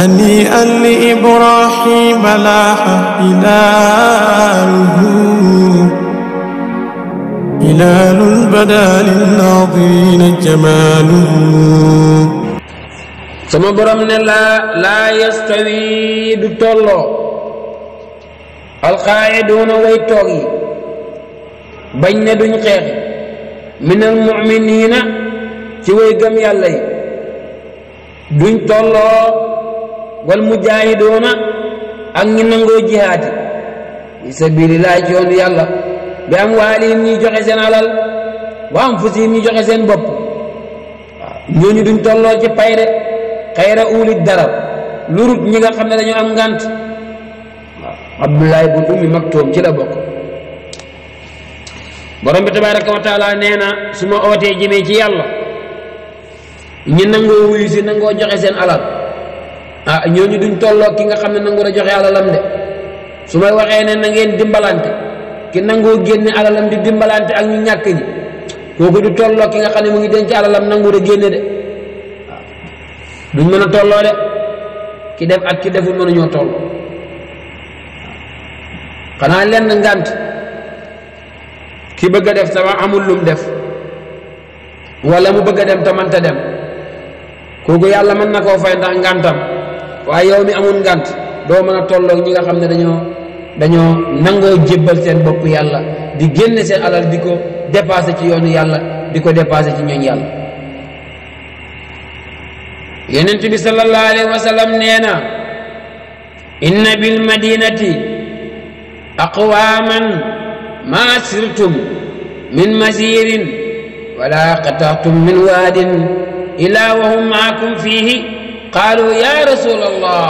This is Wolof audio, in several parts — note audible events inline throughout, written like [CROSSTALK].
هنيئا لإبراهيم لاح هلاله هلال بدا للناظرين جماله سما برم لا لا يستوي دتولو القاعدون ويتوغي بين دون خير من المؤمنين في way gëm دون yi wal mujahiduna ak ñi nango jihad fi sabilillah ci yalla bi am walim ñuy joxe sen alal wa am fusi ñuy joxe sen bop waaw duñ tolloo ci payre khayra uli dara lurut ñi nga xamne dañu am ngant abdullah ibn ummi maktum ci la bok borom bi tabarak wa taala neena suma ote ci yalla ñi nango wuyu joxe sen alal ah ñooñu duñ tollo ki nga xamne nangu ra joxe alalam de su may ne na ngeen dimbalante ki nangoo génne alalam di dimbalante ak ñu ñak ñi koku du tollo ki nga xamne mu ngi denc alalam nangu ra génne de ah, duñ mëna tollo tolloo de ki def ak ki deful mëna ñoo tollo xana lenn ngant ki bëgg def sama amul lum def wala mu bëgg dem dem man ta dem kooku yàlla mën na koo fay ndax ngantam waye yow mi amul ngant do meuna tollo ñi nga xamne dañoo dañoo nangoo jibal seen bopp yalla di genn seen alal diko, dépasser ci yoonu yalla diko dépasser ci ñooñ yalla yenent bi sallallahu alaihi wasallam neena na inna bil madinati aqwaman ma sirtum min masirin wala qata'tum min waadin ila wa hum maakum fihi قالوا يا رسول الله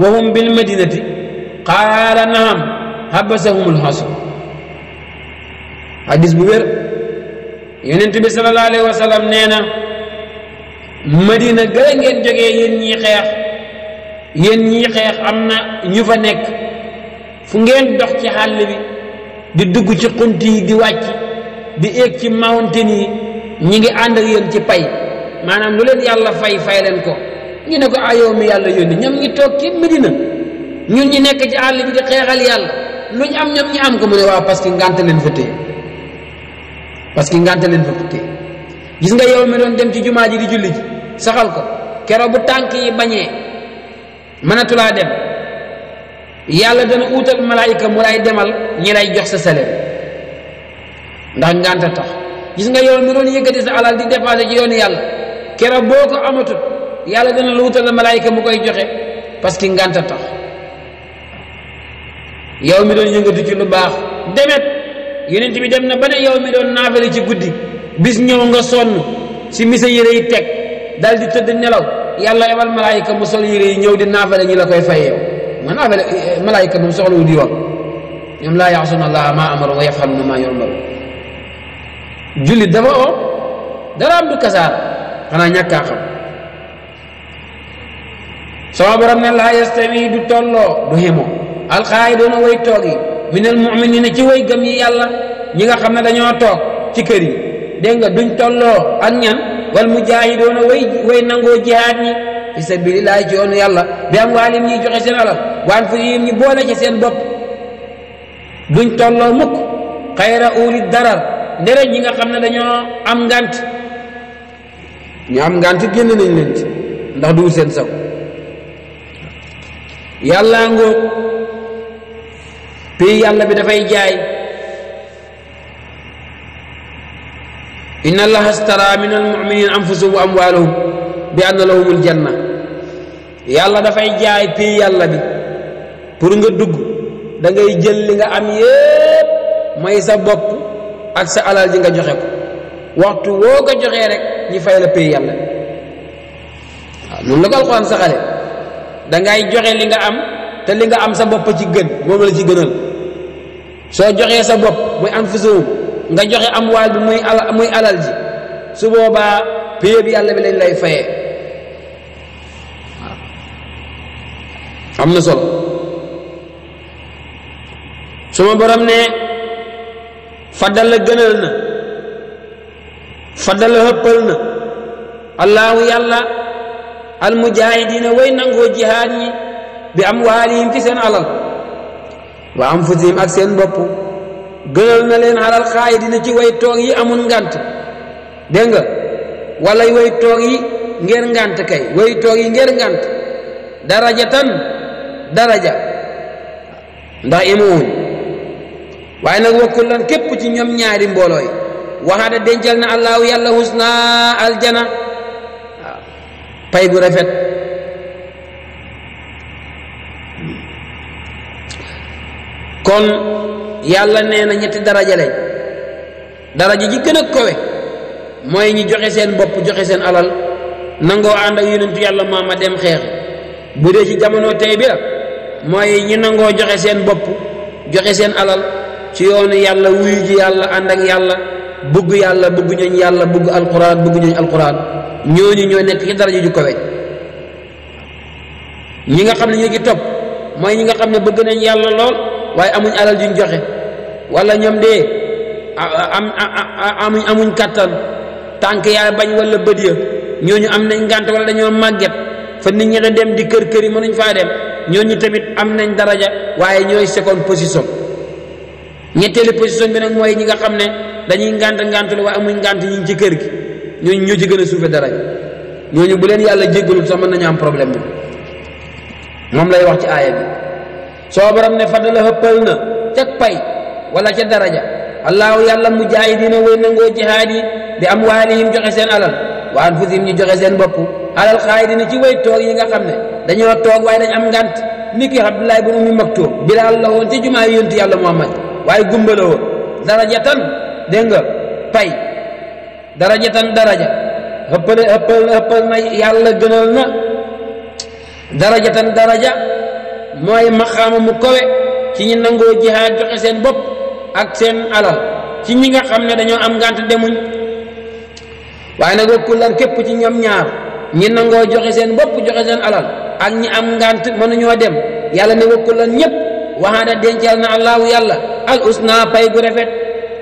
وهم بالمدينة قال نعم حبسهم الحصر حديث بوير يونت بي صلى الله عليه وسلم نينا مدينة غلا ngeen joge yeen ñi xex yeen ñi xex amna ñu fa nekk fu ngeen dox ci xàll bi di dugg ci xunt yi di wàcc di éeg ci mountain yi ñi ngi ànd ak ci pay maanaam lu leen yàlla fay fay leen ko ñu ne ko ayoo mi yàlla yónni ñoom ñi toog ci Medina ñun ñi nekk ci àll bi di xeexal yàlla luñ am ñoom ñi am ko mu ne waaw parce que ngànt leen fa téye parce que ngànt leen fa téye gis nga yow mi doon dem ci jumaa ji di julli ji saxal ko keroo bu tànk yi bañee mënatulaa dem yàlla dana uutal malaayika mu lay demal ñi lay jox sa salaire ndax ngànta tax gis nga yow mi doon yëkkati sa alal di dépenser ci yoonu yàlla keroo boo ko amatul yàlla dana la wutal malaayka mu koy joxe parce que ngànta tax yow mi doon yëngatu ci lu baax demet yonent bi dem na ba ne yow mi doon naafale ci guddi bis ñëw nga sonn si misa yére yi teg dal di tëdd nelaw yàlla ebal malaayka mu sol yére yi ñëw di naafale koy fayeew man naafale eh, eh, malaayka moom soxlawu wax ñoom laa yaxsuna allaha maa amaru wa yafaluna maa yumaru jullit dafa oo dara am du kasaar xanaa ñàkkaa xam sama borom na laa yastawi du tolloo du ximo alxaayidoona way toog yi minal muminina ci way gëm yi yàlla ñi nga xam ne dañoo toog ci kër yi dégg nga duñ tolloo ak ñan wal mujaahidoona way way nangoo jihaad ñi fi sabilillahi ci yoonu yàlla bi am waalim ñiy joxe seen alal waan fu yim ñi boole ci seen bopp duñ tolloo mukk xayra uli darar ndere ñi nga xam ne dañoo am ngant ñu am ngant génn nañ leen ndax duwul seen saw yàllaa ngóog pays yàlla bi dafay jaay inna allaha astara min almuminin anfusahum wa amwaalahum bi anna lahumul janna yàlla dafay jaay pays yàlla bi pour nga dugg dangay jël li nga am yépp may sa bopp ak sa alal ji nga joxe ko waxtu woo ko joxee rek ñi fay la pays yàlla waaw noonu la ko alxuraan saxale dangay joxe li nga am te li nga am sa bopp ci gën moom la ci gënal soo joxee sa bopp muy am fusuum nga joxe am waal bi muy alal muy alal ji su boobaa paye yàlla bi lañ lay fayee am na solo suma borom ne faddal la gënal na faddal hëppal na allahu yàlla almujaahidiina woy nangoo jihaad ñi bi amwaalihim ci seen alal wa anfusihim ak seen bopp gënal na leen alal dina ci way toog yi amul ngant dégg nga wala way toog yi ngeen ngant kay way toog yi ngeen ngant daraja tan daraja ndax imuwuñ waaye nag wakkul lan képp ci ñoom ñaari mbooloo waxaada dencal na allahu yàlla husna aljana pay bu rafet kon yàlla nee na ñetti daraja lañ daraja ji gën a kowe mooy ñi joxe seen bopp joxe seen alal nangoo ànd ak yonentu yàlla maama dem xeex bu dee ci jamono tey bi la mooy ñi nangoo joxe seen bopp joxe seen alal ci yoonu yàlla wuyu ji yàlla ànd ak yàlla bugg yàlla bugg ñooñ yàlla bugg alquran bugg ñooñ alquran ñooñu ñoo nekk ci daraja ju kawe ñi nga xam ne ñoo ci topp mooy ñi nga xam ne bëgg nañ yàlla lool waaye amuñ alal juñ joxe wala ñoom de am amuñ amuñ kàttan tànk yaa bañ wala bët ya ñooñu am nañ ngànt wala dañoo màgget fa nit ñi da dem di kër kër yi mënuñ faa dem ñooñu tamit am nañ daraja waaye ñooy seconde position ñetteelu position bi nag mooy ñi nga xam ne dañuy ngànt ngànt la waaye amuñ ngànt ñi ci kër gi. ñooñu ñoo ci gën a suufe dara ñooñu bu leen yàlla jéggalul sax nañu am problème moom lay wax ci aaya bi soo borom ne fadala xëppal na ca pay wala ca daraja allaahu yàlla mujaahidiina way nangoo jihaad yi bi am waalihim joxe seen alal wa anfusihim ñu joxe seen bopp alal xaayidina ci way toog yi nga xam ne dañoo toog waaye dañ am ngant ni ki Abdullahi bu Ummi Maktum bilaal la woon ci jumaa yi yonent yàlla Muhammad waaye gumbala woon daraja tan dégg daraja tan daraja heppal heppal heppal na yalla gënal na daraja tan daraja moy maqama mu kowe ci ñi nango jihad joxe seen bop ak seen alal ci ñi nga xamne dañu am ngànt demuñ waaye nag kullan kep ci ñom ñaar ñi nango joxe seen bop joxe seen alal ak ñi am mënu ñu dem yalla ne ñep wa hada dencal na allah yalla al usna pay gu rafet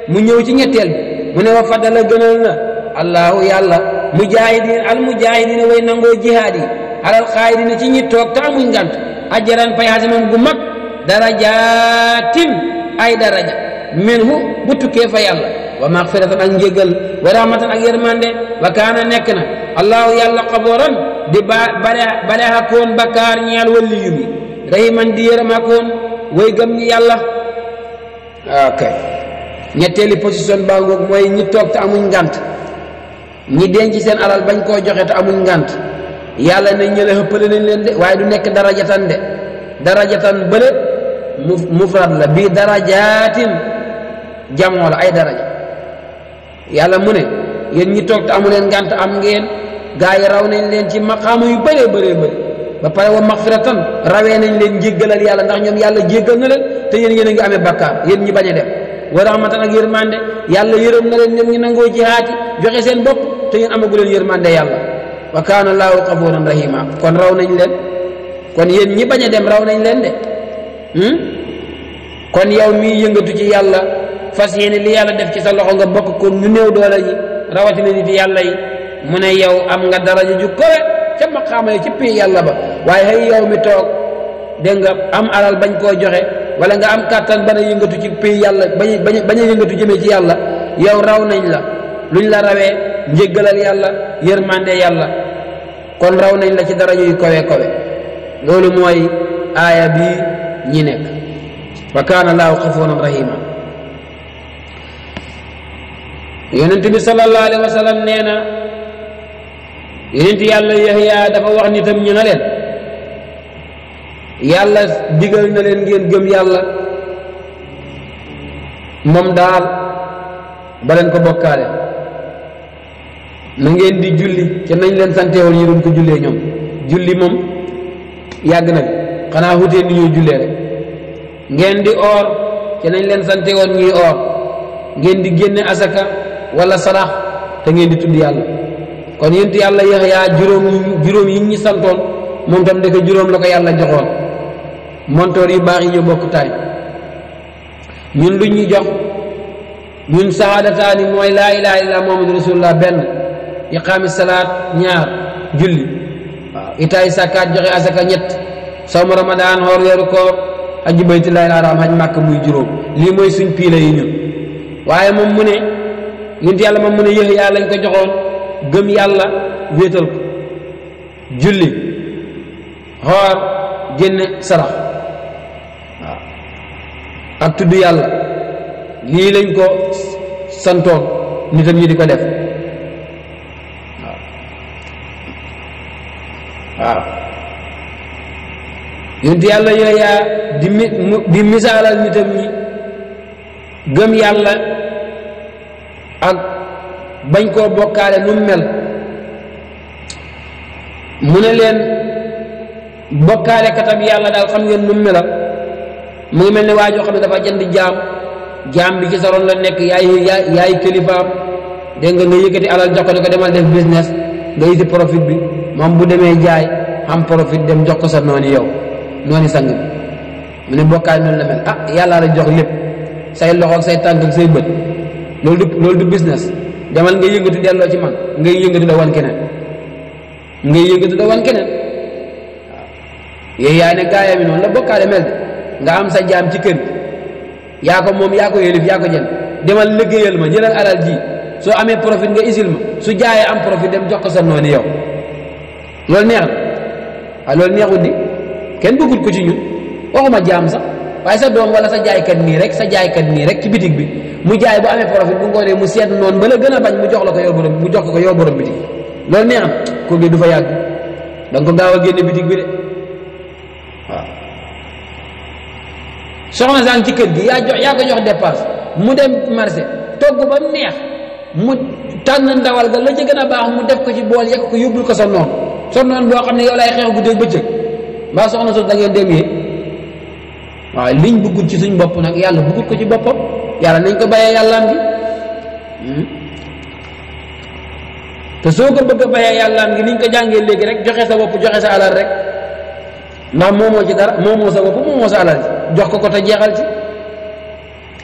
mu ñew ci ñettel mu ne wa fadala gënal na allahu yàlla mujahidin al mujahidina way nangoo jihaad yi alal xaayidina ci ñi toog te amuñ ngant ajaran pay xasimam gu mag darajaatin ay daraja minhu bu tukkee fa yàlla wa maxfiratan ak njégal wa rahmatan ak yërmande wa kaana nekk na allahu yàlla xabooran di ba bare bare xakoon bakkaar ñeel waliyu bi rahiman di yërëm xakoon way gëm ñi yàlla ah, ok ñetteeli position baa ngoog mooy ñi toog te amuñ ngànt ñi denc seen alal bañ koo joxe te amuñ ngànt yàlla nañ ñële xëppale nañ leen de waaye du nekk darajatan de darajatan bële mu mufrad la bii darajaatin jamoo la ay daraja yàlla mu ne yéen ñi toog te amu leen ngànt am ngeen gaa yi raw nañ leen ci maqaama yu bëree bëree bëri ba pare wa maxfiratan rawee nañ leen jéggalal yàlla ndax ñoom yàlla jéggal na leen te yéen yéen a ngi amee bakkaar yéen ñi bañ a dem wa rahmatan ak yërmande yàlla yërëm na leen ñoom nangoo jihaati joxe seen bopp te ñun amagu leen yërmande yàlla wa kaana laahu xafuuran rahima kon raw nañ leen kon yéen ñi bañ a dem raw nañ leen de hmm? kon yow mii yëngatu ci yàlla fas yéene li yàlla def ci sa loxo nga bokk ko ñu néew doole yi rawatina nit yàlla yi mu ne yow am nga daraja ju kowe ca maqaama yi ci pay yàlla ba waaye xëy yow mi toog dégg nga am alal bañ koo joxe wala nga am kàttan ba na yëngatu ci pays yàlla bañ bañ a yëngatu ci yàlla yow raw nañ la luñ la rawee njëggalal yàlla yërmande yàlla kon raw nañ la ci dara ñuy kowe kowe loolu mooy aaya bi ñi nekk wa kaana laahu xafuuran rahima yonent bi sallallahu alayhi wa sallam nee na yonent yàlla Yahya dafa wax nitam ñu na leen yàlla digal na leen ngeen gëm yàlla moom daal ba leen ko bokkaale na ngeen di julli te nañ leen santeewoon yi doon ko jullee ñoom julli moom yàgg na bi xanaa wutee ni ñuy jullee rek ngeen di oor te nañ leen santeewoon ñuy oor ngeen di génne asaka wala sarax te ngeen di tudd yàlla kon yént yàlla yéex yaa juróom juróom yi ñu santoon moom tam ndeke juróom la ko yàlla joxoon montoor yi baax yi ñu bokk taay ñun lu ñu jox ñun sahaadataani mooy laa ilaha illallah muhammadu rasulullah benn iqaami salaat ñaar julli waaw itaay sàkkaat joxe asaka ñett sawmu ramadaan xoor weeru koor aji baytullahi alharam haj màkk muy juróom lii mooy suñ piila yi ñun waaye moom mu ne yonent yàlla moom mu ne yëx yàlla lañ ko joxoon gëm yàlla wéetal ko julli xoor génne sarax ak tudd yàlla lii lañ ko santoon nitam ñi di ko def waaw yonent yàlla yooyaa di mi di misaalal nitam ñi gëm yàlla ak bañ koo bokkaale nu mel mu ne leen bokkaale katam yàlla daal xam ngeen nu melal mu ngi mel ni waa joo xam ne dafa jënd jaam jaam bi ci sa la nekk yaay yaay yaay kilifaam dégg nga nga yëkkati alal jox ko ne ko demal def business nga yiti profit bi moom bu demee jaay am profit dem jox ko sa noonu yow noonu sang bi mu ne bokkaay noonu la mel ah, yàllaa jox lépp say loxo say tànk ak bët loolu du loolu demal nga yëngatu delloo ci man ngay yëngatu da wan keneen ngay yëngatu da wan keneen waaw yooyu yaay ne gaaya bi noonu la bokkaale mel nga am sa jam ci kër ya ko mom ya ko yelif ya ko jël demal liggéeyal ma jëlal alal ji so amé profit nga isil ma su jaay am profit dem jox ko sa noni yow lol neex na ah, lol neexu di ken bëggul ko ci ñun waxuma jam sa way sa doom wala sa kat ni rek sa kat ni rek ci bitik bi mu jaay bu amé profit bu ngoonee mu sét non ba la gëna bañ mu jox la ko yow borom mu jox ko yow borom bitik lol neex ko gi du fa yag dang ko gaaw genn bitik bi de soxna sa ci kër gi yaa jox yaa ko jox dépense mu dem marché togg ba neex mu tànn ndawal ga la ca gën a baax mu def ko ci bool yekk ko yóbbul ko sa noon sa noon boo xam ne yow lay xeex guddeeg bëccëg mbaa soxna sos da ngeen dem yee waaw liñ bëggul ci suñ bopp nag yàlla bëggul ko ci boppam yàlla nañ ko bàyyee yàllaam gi hmm? te soo ko bëgg a bàyyee yàllaam gi niñ ko jàngee léegi rek joxe sa bopp joxe sa alal rek ndax moomoo ci dara moomoo sa bopp moomoo sa alal jox ko ko te jeexal ci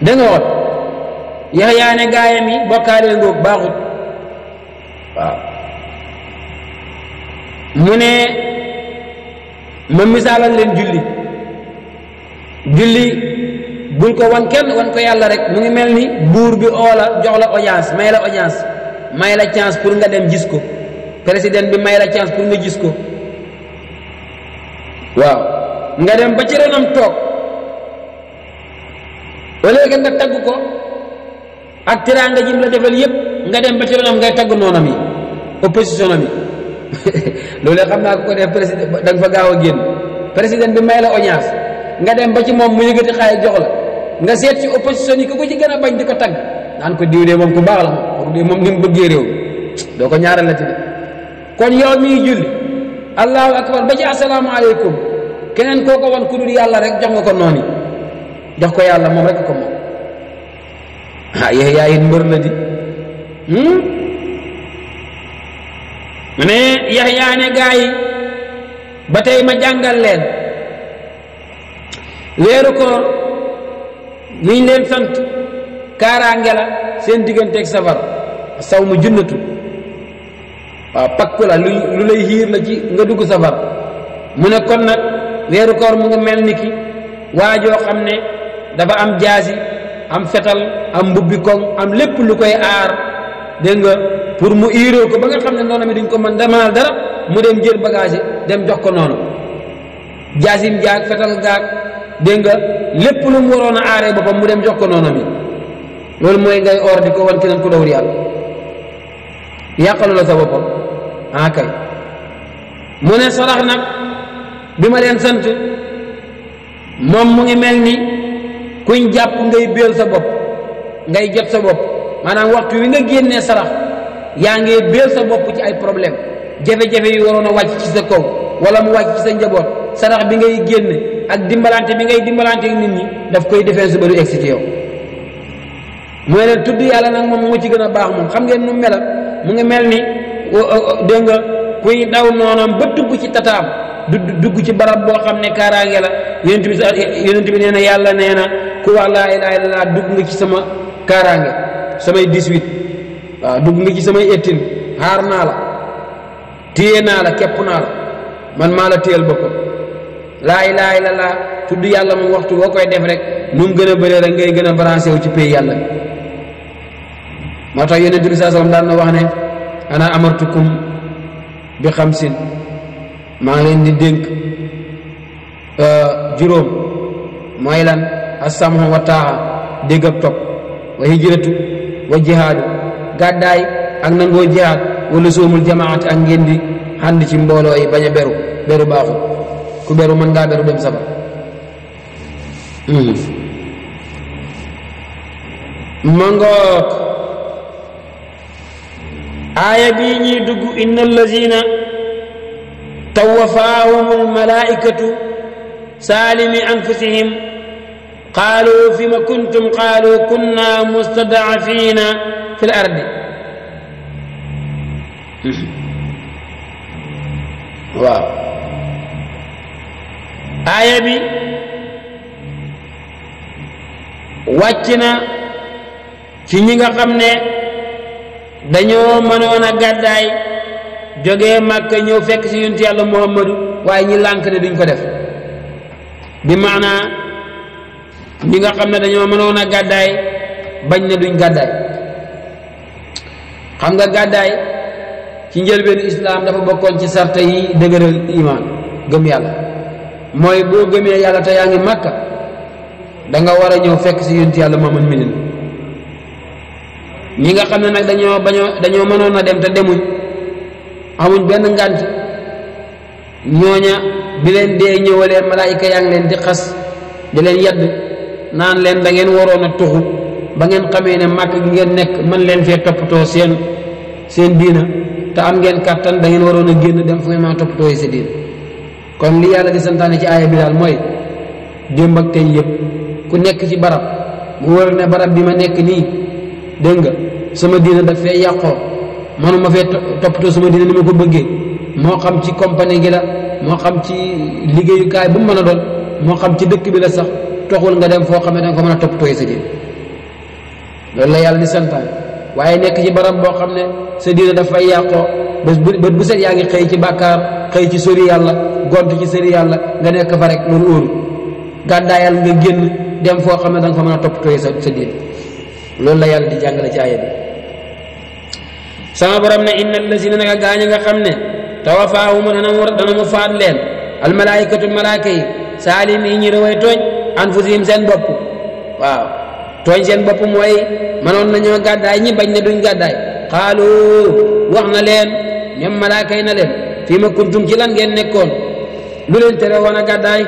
da nga wax ne gaayam yi bokkaale ngóog baaxut waaw mu ne ma misaalal leen julli julli bul ko wan kenn wan ko yàlla rek mu ngi mel ni buur bi oola jox la audience may la audience may la chance pour nga dem gis ko président bi may la chance pour nga gis ko waaw nga dem ba ci renam toog wala nga nga tagg ko ak teranga jim la defal yeb nga dem ba ci ronam ngay tagg nonam yi opposition am yi [LAUGHS] lolé xamna ko def president da nga fa gawa a president bi mayla oñas nga dem ba ci mom mu yëgati xay jox la nga set ci opposition yi ko ci gëna bañ diko tag nan ko baax la ko de mom rew do ko ñaaral la ci kon yow mi julli allahu akbar ba ci assalamu alaykum kenen koko wan ku dul rek jox nga ko noni jox ko yàlla moom rek ko moom ah Yaxya it mbër la di hmm? mu ne gaa yi ba tey ma jàngal leen weeru koor liñ leen sant kaaraange la seen digganteeg safar saw mu junnatu waaw pakku la lu lu lay xiir la ci nga dugg safar mu ne kon nag weeru koor mu ngi mel ni ki waajoo xam ne dafa am jaasi am fetal am mbubbi koŋ am lépp lu koy aar dégg nga pour mu iiroo ko ba nga xam ne noonu mi duñ ko mën dara mu dem jël bagage dem jox ko noonu jaasim jaag fetal gaag dégg nga lépp lu mu waroon a aaree boppam mu dem jox ko noonu mi loolu mooy ngay or di ko wan keneen ku dawul yàlla yàqalu la sa boppam ah kay mu ne sarax nag bi ma leen mu ngi mel ni kuñ japp ngay béel sa bop ngay jot sa bop manam waxtu wi nga genné sarax ya nga béel sa bop ci ay problème jafe-jafe yi waroon wacc ci sa kaw wala mu wacc ci sa njabot sarax bi ngay genné ak dimbalanté bi ngay dimbalanté nit ñi daf koy defee su ba yow moy la tuddu yalla nak mom mo ci gëna baax mom xam ngeen nu melal mu ngi mel ni nga kuy daw nonam ba dugg ci tataam dugg ci barab bo xam ne la yonent bi bi nee na yàlla nee na ku wax laa ilaaha illallaah dugg nga ci sama kaaraange samay 18 waaw dugg nga ci samay ettin xaar naa la téye naa la képp naa la man maa la téyal boppam laa ilaaha illallaah tudd yàlla mu waxtu boo koy def rek nu mu gën a bëree rek ngay gën a branché wu ci pays yàlla bi moo tax yonent bi saa daan na wax ne ana amartukum bi xamsin maa leen di dénk Euh, juróom mooy lan assamhu wa taaxa dégg ak topp wa hijratu wa jihaadu gàddaay ak nangoo jihaad wala soomul jamaati ak ngeen di xànd ci mbooloo yi bañ a beru beru baaxul ku beru mën ngaa beru dem saba hmm. mangook aaya bii dugg inna allazina tawafaahum almalaikatu سالم أنفسهم قالوا فيما كنتم قالوا كنا مستضعفين في الأرض waaw aaya bi wàcc na ci ñi nga xam ne dañoo mënoon a gàddaay jógee màkk ñoo fekk si yonent yàlla muhammadu waaye ñi lànk ne duñ ko def bi maana ñi nga xam ne dañoo mënoon a gàddaay bañ ne duñ gàddaay xam nga gàddaay ci njëlbeenu islaam dafa bokkoon ci sarta yi dëgëral iman gëm yàlla mooy boo gëmee yàlla te yaa ngi màkka da nga war a ñëw fekk si yonent yàlla mamun minin ñi nga xam ne nag dañoo bañoo dañoo mënoon a dem te demuñ amuñ benn ngànt ñooña di len de ñewale malaika yaa ngi leen di xass di len yedd naan len da ngeen waroon tuxu ba ngeen xamee ne mak gi ngeen nek man len fee toppatoo sen sen diina ta am ngeen kattan da ngeen waroon a dem fu ma ci diin kon li yalla di santane ci aya bi dal moy dem ak tay yeb ku nek ci barab mu war ne barab bi ma nek ni de nga sama diina da fe yaqo manuma fe toppatoo sama diina ni ma ko beugé mo xam ci compagnie gi la moo xam ci liggéeyukaay bu mu mën a doon moo xam ci dëkk bi la sax toxul nga dem foo xam ne danga ko mën a toppatooy sa diine loolu la yàlla ni santaan waaye nekk ci barab boo xam ne sa diine dafay yàqoo bés bu bët bu set yaa ngi xëy ci bàkkaar xëy ci sori yàlla gont ci sori yàlla nga nekk fa rek loolu óoru gàddaayal génn dem foo xam ne danga fa mën a toppatooy loolu la yàlla di jàngale ci aaya bi nga xam ne tawafaahu mu dana mu dana mu faat leen almalaikatu malaaka yi saalim yi ñi raway tooñ anfusihim seen bopp waaw tooñ seen bopp mooy mënoon nañoo gàddaay ñi bañ ne duñ gàddaay xaalu wax na leen ñoom malaaka yi na leen fii ma kuntum ci lan ngeen nekkoon lu leen tere woon gàddaay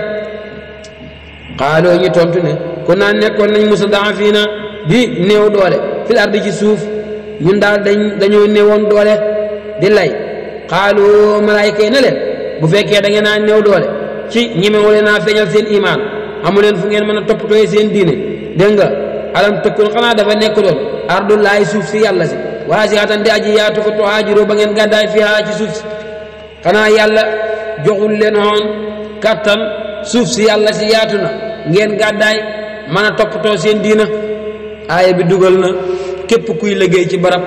xaalu ñu tontu ne kon naa nekkoon nañ mustadaafiina di néew doole fil ardi ci suuf ñun daal dañ dañoo doole di lay xaalu malaayka yi ne leen bu fekkee da ngeen a néew doole ci ñemewu leen a feeñal seen imaan amu leen fu ngeen mën a toppatooy seen diine dégg nga alam tëkkul xanaa dafa nekk doon ardullaahi suuf si yàlla si waasi'atan di aji yaatu fa ba ngeen gàddaay fiihaa ci suuf si xanaa yàlla joxul leen hoon kattan suuf si yàlla si yaatu na ngeen gàddaay mën a toppatoo seen diina aaya bi dugal na képp kuy liggéey ci barab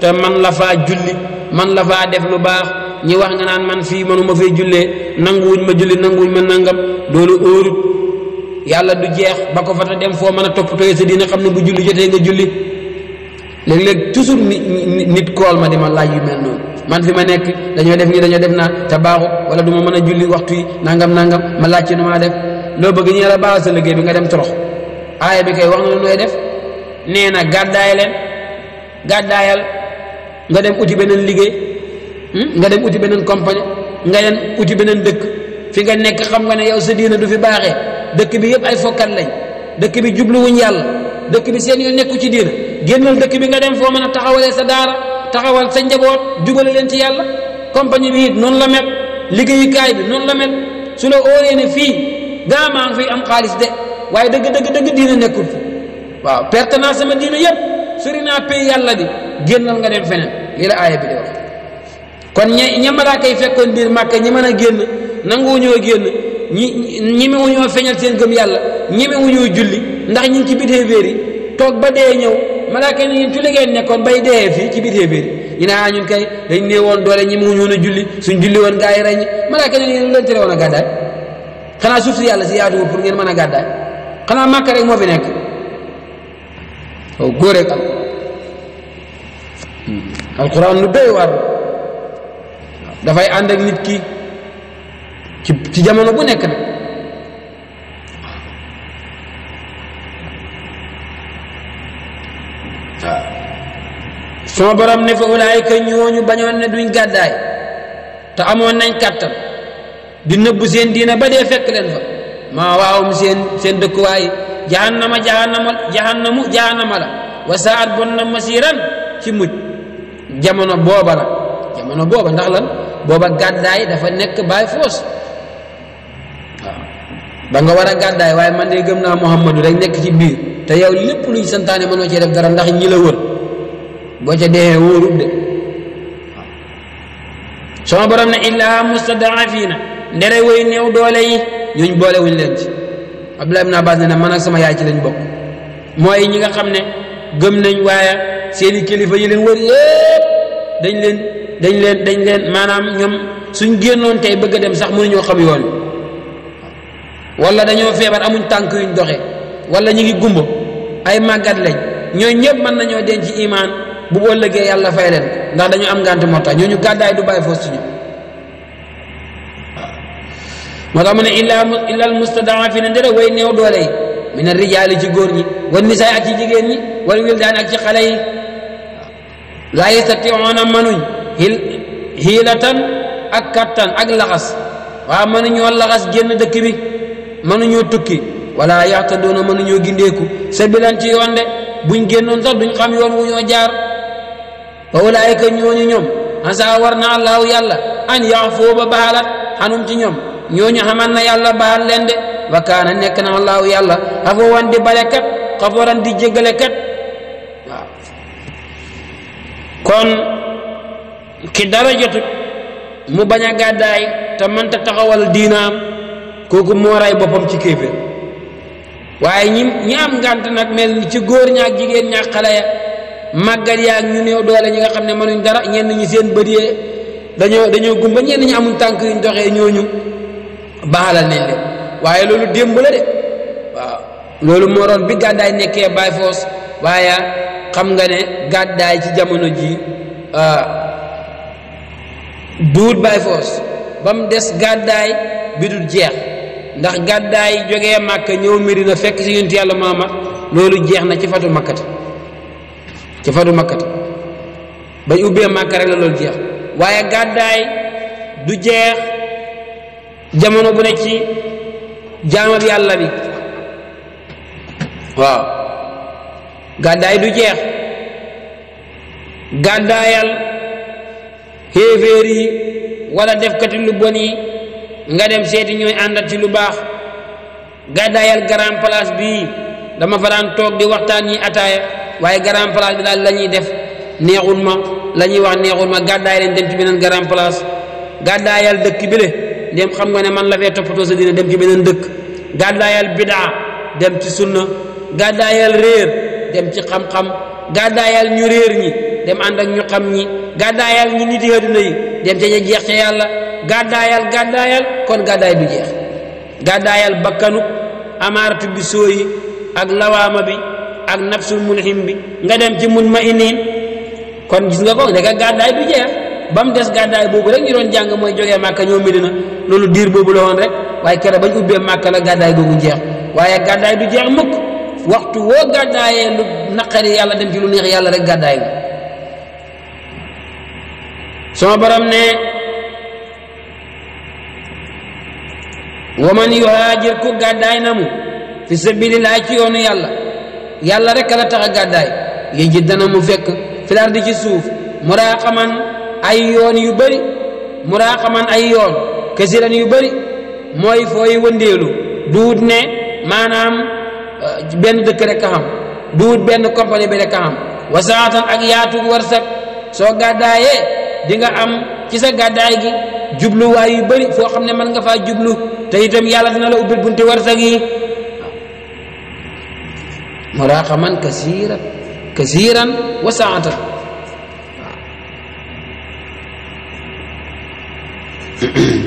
te man la faa julli man la fa def lu bax ñi wax nga nan man fii mënuma fay julle nanguñ ma julli nanguñ ma nangam loolu óorut yalla du jeex bako fa dem fo meuna top toye sa dina xamne bu julli jotee nga julli leg leg toujours nit nit kool ma di ma laaj yu mel noonu man fi ma nek dañu def ni dañu def na ta baaxu wala duma ma julli waxtu nangam nangam ma laaj ci nu def lo bëgg ñi la baax sa liggey bi nga dem torox aaya bi kay wax na lu def neena na len leen nga dem uti beneen liggéey hmm? nga dem uti beneen compagnie nga dem uti beneen dëkk fi nga nekk xam nga ne yaw sa diina du fi baaxee dëkk bi yëpp ay fokkat lañ dëkk bi jubluwuñ yàlla dëkk bi seen yoon nekku ci diina génnal dëkk bi nga dem foo mën a taxawalee sa daara taxawal sa njaboot jubale leen ci yàlla compagnie bi it noonu la met liggéeyukaay bi noonu la mel su la óoree ne fii gaa maa fi am xaalis de waaye dëgg dëgg dëgg diina nekkul fi waaw perte naa pay yàlla bi génnal nga dem feneen lii la aaya bi di wax kon ña ña malaaka yi fekkoon biir màkka ñi mën a génn nanguwu ñoo génn ñi ñemewu ñoo feñal seen gëm yàlla ñemewu ñoo julli ndax ñu ngi ci bitee béer toog ba dee ñëw malaaka yi ci liggéey nekkoon bay dee fii ci bitee béer yi ñu ne ah, dañ ne woon doole ñemewu ñoo a julli suñ julli woon gaa yi rey ñi malaaka yi lu leen tere woon a gàddaay xanaa suuf si yàlla si yaatuwul pour ngeen mën a gàddaay xanaa màkka rek moo fi nekk oh, alquran lu doy war dafay ànd ak nit ki ci ci jamono bu nekk nag suma borom ne fa ulaayka ñooñu bañoon ne duñ gàddaay te amoon nañ kàttan di nëbbu seen diina ba dee fekk leen fa maa waawum seen seen dëkkuwaay jahannama jahannamu jahannama la wa saat bon na masiran ci mujj jamono boba la jamono boba ndax lan boba gaday dafa nek bay fos ba nga wara gaday waye man day gemna muhammadu rek nek ci bir te yow lepp luñ santane mënoo ci def dara ndax ñi la wër bo ca dee wóorut de sama borom ne illa mustada'afina ndere way néew doole yi ñooñ boole wuñ leen ci abdullah ibn abbas ne man ak sama yaay ci lañ bok moy ñi nga xamne gem nañ waya seeni kilifa yi leen wër yépp dañ leen dañ leen dañ leen maanaam ñoom suñ génnoon tey bëgg dem sax mënuñoo xam yoon wala dañoo feebar amuñ tànk yuñ doxe wala ñu ngi gumba ay màggat lañ ñooñu ñëpp mën nañoo denc imaan bu boo lëggee yàlla fay leen ndax dañu am ngànt moo tax ñu gàddaay du bàyyi foos ci ñoom moo tax mu ne illaa illa al mustadafina ndere way néew doole yi min ar rijaali ci góor ñi wan nisaay ak ci jigéen ñi wal wildaani ak ci laa yastatiuuna mënuñ hil tan ak kattan ak laxas waaw mënuñoo laxas génn dëkk bi mënuñoo tukki wala yaxtaduuna mënuñoo gindeeku sabilan ci yoon de buñ génnoon sax duñ xam yoon wu ñoo jaar wa ulaayika ñooñu ñoom ansa war na allahu yàlla an yaxfoo ba baalat xanum ci ñoom ñooñu xaman na yàlla baal leen de wa kaana nekk na allahu yàlla xafoowan di balekat xafooran di jégalekat kon ki dara jotut mu bañ a gàddaay te mënta taxawal diinaam kooku moo ray boppam ci kéeféer waaye ñi ñi am ngànt nag mel ci góor ñaak jigéen ñaak xale ya màggat yaak ñu néew doole ñi nga xam ne mënuñ dara ñenn ñi seen bët yee dañoo dañoo gumba ñenn ñi amuñ tànk yuñ doxee ñooñu baaxalal nañ leen waaye loolu démb la de waaw loolu moo bi gàddaay nekkee bay foos waaye xam nga ne gàddaay ci jamono ji euh, duut by force ba des gàddaay bi dul jeex ndax gàddaay jógee màkka ñëw Medina fekk si yonent yàlla Muhammad loolu jeex na ci fatu makkati ci fatu makkati bañ ubbee màkka rek la loolu jeex waaye gàddaay du jeex jamono bu ne ci jaamab yàlla bi waaw gàddaay du jeex gàddaayal xéeféer walla def defkati lu bon yi nga dem seeti ñooy àndat ci lu baax gàddaayal grand place bii dama fa daan toog di waxtaan ñi ataaya waaye grand place bi daal la ñuy def neexul ma la ñuy wax neexul ma gàddaay leen dem ci beneen gàddaayal dëkk bi le dem xam ne man la fee toppatoo beneen dëkk gàddaayal bidaa dem ci sunna gàddaayal réer dem ci xam-xam gadayal ñu reer ñi dem and ak ñu xam ñi gadayal ñi nit yi àdduna yi dem ci jeex ca yàlla gadayal kon gaday du jeex gadayal bakkanu amaratu bi soyi ak lawama bi ak nafsul munhim bi nga dem ci mun ma kon gis nga ko ne gaday du jeex bam dess des bobu rek ñu doon jang moy joge makka ñoo medina lolu dir bobu la won rek waye kere bañ ubbee makka la gaday gogu jeex waye gaday du jeex mukk waxtu woo gàddaayee lu naqari yàlla dem ci lu neex yàlla rek gàddaay nga sama borom ne waman yuhaajir ku gàddaay na mu fi sabilillah ci yoonu yàlla yàlla rek la tax a gàddaay yajid dana mu fekk filar di ci suuf muraaxaman ay yoon yu bëri muraaxaman ay yoon kasiran yu bëri mooy fooy wëndeelu duut ne maanaam Euh, benn dëkk rek ka du wut benn compagnie bi rek ka xam ak yaatu warsak soo gàddaayee di nga am ci sa gàddaay gi jubluwaay yu bari foo xam ne mën nga faa jublu te itam yàlla dina la ubbil bunti warsak yi muraqaman kasiran kasiran wa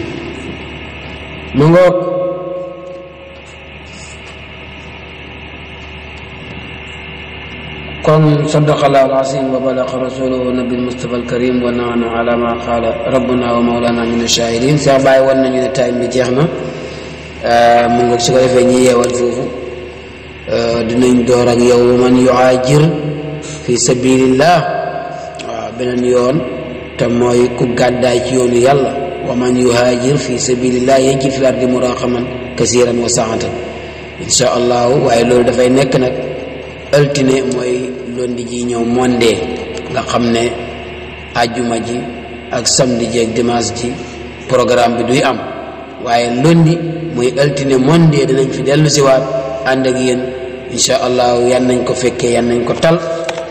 [COUGHS] mu ngoog kon sadaqallahu alazim wa balaqa rasuluhu nabi mustafa alkarim wa naana ala ma qaala rabbuna wa mawlana min ashahidin sax bàyyi woon nañu ne time bi jeex na mu nga su ko defee ñi yeewal foofu dinañ door ak yow man yuhaajir fi sabilillah waaw beneen yoon te mooy ku gàddaay ci yoonu yàlla wa man yuhaajir fi sabilillah yajid fil ardi muraqaman kasiran wa saatan insha allahu waaye loolu dafay nekk nag altine mooy londi ji ñëw monde nga xam ne ajjuma ji ak samedi ji ak dimanche ji programme bi duy am waaye londi muy altine monde dinañ fi dellu si waat ànd ak yéen incha allahu yan nañ ko fekkee yan nañ ko tal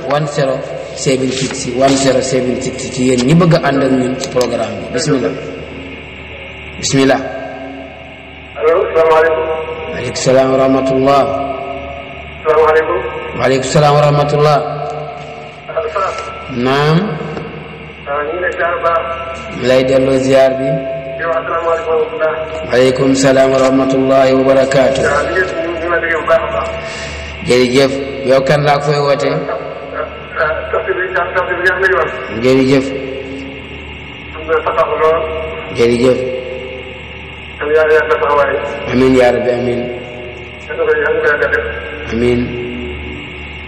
one zero seven six one zero seven six ci yéen ñi bëgg a ànd ak ñun programme bi bismillah bismillah allo salaamaaleykum. maaleykum salaam wa waaleykum salaam wa rahmatullah naam ah, lay delloo ziar bi waaleykum salaam wa rahmatullahi wa barakaatu ah, jërëjëf yow kan laa fooy woote ah, jërëjëf jërëjëf amiin yaa rabbi amiin amiin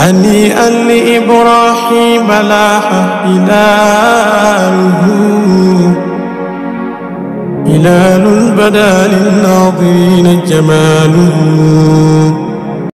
هنيئا لإبراهيم لاح هلاله هلال بدا للناظرين جماله